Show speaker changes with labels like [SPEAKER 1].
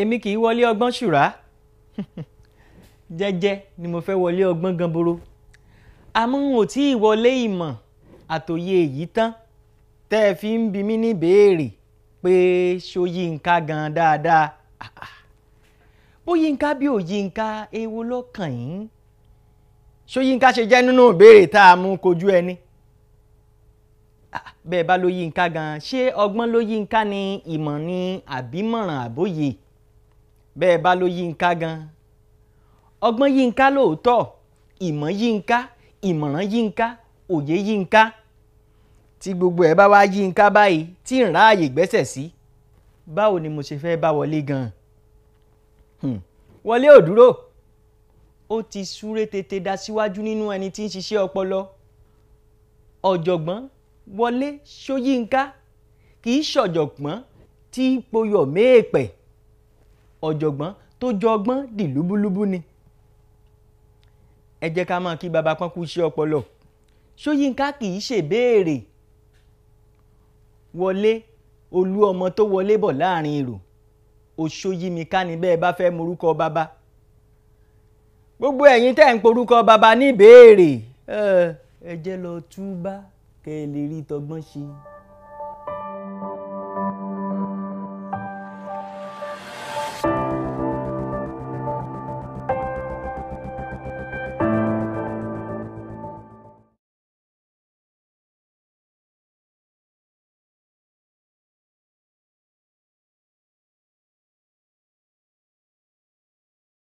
[SPEAKER 1] èmi kì í wọlé ọgbọ́n ṣùrà jẹ́jẹ́ ni mo fẹ́ wọlé ọgbọ́n ganboro àmọ́ n ò tí ì wọlé ìmọ̀ àtòyè èyí tán tẹ́ ẹ fi ń bi mí ní béèrè pé ṣó Yínká gan dáadáa bó Yínká bí ò Yínká èwo ló yín ṣó Yínká ṣe jẹ́ nínú ìbéèrè tá a mú kojú ẹni bẹ́ẹ̀ bá ló Yínká gan ṣé ọgbọ́n ló Yínká ni ìmọ̀ ni àbímọ̀ràn àbóyè bẹ́ẹ̀ bá ló Yínká gan ọgbọ́n Yínká lóòótọ́ ìmọ̀ Yínká ìmọ̀ràn Yínká òye Yínká tí gbogbo ẹ̀ bá wá Yínká báyìí tí ń ráàyè gbẹ́sẹ̀ sí báwo ni mo ṣe fẹ́ bá wọlé gan hmm. wọlé ò dúró ó ti súré tètè dá síwájú nínú ẹni tí ń ṣiṣẹ́ ọpọlọ ọ̀jọ̀gbọ́n wọlé ṣóyínká kì í ṣọ̀jọ̀gbọ́n tí gboyọ̀ méèpẹ̀ ọ̀jọ̀gbọ́n tó jọgbọ́n dì lúbúlúbú ni. ẹ jẹ́ ká máa kí baba pọ́n kú iṣẹ́ ọpọlọ ṣóyínká kì í ṣèbéèrè wọlé olú ọmọ tó wọlé bọ̀ láàrin èrò òṣòyìmíká ni bẹ́ẹ̀ bá fẹ́ morúkọ baba gbogbo ẹ̀yin tẹ́ ń porúkọ baba ní ìbéèrè ẹ jẹ́ lọ túbá kẹ́ ẹ lè rí tọgbọ́n ṣe.